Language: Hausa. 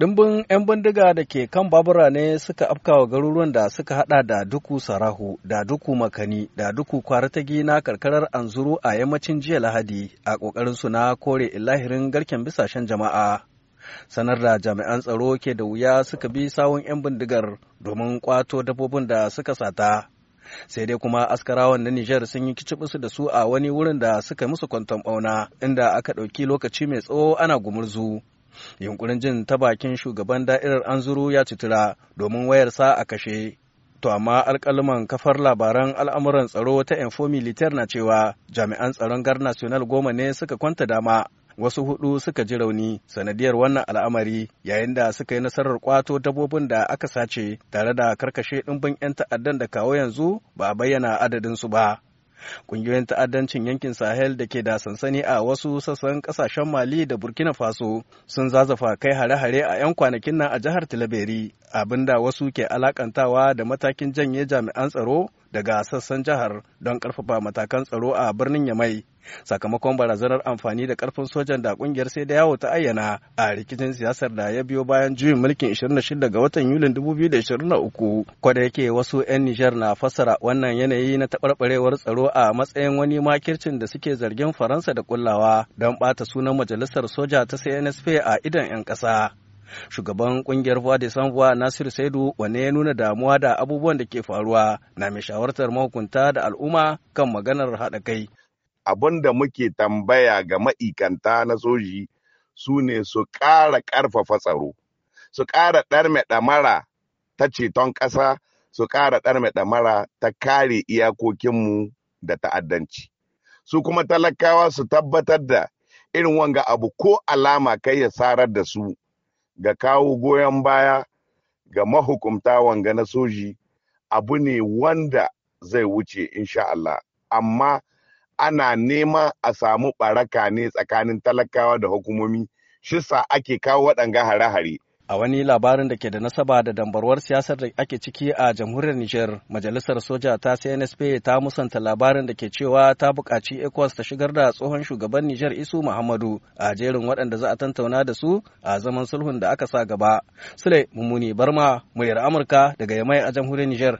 Dimbin 'yan bindiga da ke kan babura ne suka afkawa garuruwan da suka hada da duku sarahu da duku makani da duku kwaratagi na karkarar anzuru a yammacin jiya lahadi a kokarin su na kore ilahirin garken bisashen jama'a sanar da jami'an tsaro ke da wuya suka bi sawun 'yan bindigar domin kwato dabbobin da suka sata sai dai kuma askarawan na Nijar sun yi kicibisu da su a wani wurin da suka musu kwanton bauna inda aka ɗauki lokaci mai tsawo ana gumurzu yunkurin jin ta bakin shugaban da'irar anzuru ya citira domin wayarsa a kashe to amma alkalaman kafar labaran al'amuran tsaro ta info militar na cewa jami'an tsaron gar national goma ne suka kwanta dama wasu hudu suka ji rauni sanadiyar wannan al'amari yayin da suka yi nasarar kwato dabobin da aka sace tare da karkashe ɗimbin 'yan ta'addan da kawo yanzu ba a bayyana adadinsu ba Ƙungiyoyin ta'addancin yankin Sahel da ke da sansani a wasu sassan ƙasashen Mali da Burkina Faso sun zazafa kai hare-hare a 'yan kwanakin nan a jihar Tilaberi, abinda wasu ke alakantawa da matakin janye jami'an tsaro daga sassan jihar don karfafa matakan tsaro a birnin Yamai sakamakon barazanar amfani da karfin sojan da kungiyar sai da yawo ta ayyana a rikicin siyasar da ya biyo bayan juyin mulkin 26 ga watan Yulin 2023 kwada yake wasu 'yan Nijar na fassara wannan yanayi na taɓarɓarewar tsaro a matsayin wani makircin da suke zargin Faransa da kullawa don ɓata sunan majalisar soja ta CNSP a idan 'yan ƙasa. Shugaban kungiyar Voix des san Nasir Saidu wane ya nuna damuwa da abubuwan da ke faruwa na mai shawartar mahukunta da al'umma kan maganar haɗa kai. Abun da muke tambaya ga ma'ikanta na soji su ne su ƙara ƙarfafa tsaro, su ƙara ɗarme ɗamara ta ceton ƙasa, su ƙara ɗarme ɗamara ta kare iyakokinmu da ta'addanci. Su kuma talakawa su tabbatar da irin wanga abu ko alama kai ya sarar da su ga kawo goyon baya ga mahukumta wanga na soji abu ne wanda zai wuce insha Allah amma ana nema a samu baraka ne tsakanin talakawa da hukumomi shi sa ake kawo waɗanga hare-hare A wani labarin da ke da nasaba da dambarwar siyasar da ake ciki a jamhuriyar Nijar, majalisar soja ta CNSP ta musanta labarin da ke cewa ta buƙaci ECOWAS ta shigar da tsohon shugaban Nijar Isu Muhammadu a jerin waɗanda za a tantauna da su a zaman sulhun da aka sa gaba. Sule Mummuni Barma, muryar Amurka daga Yamai a jamhuriyar Nijar.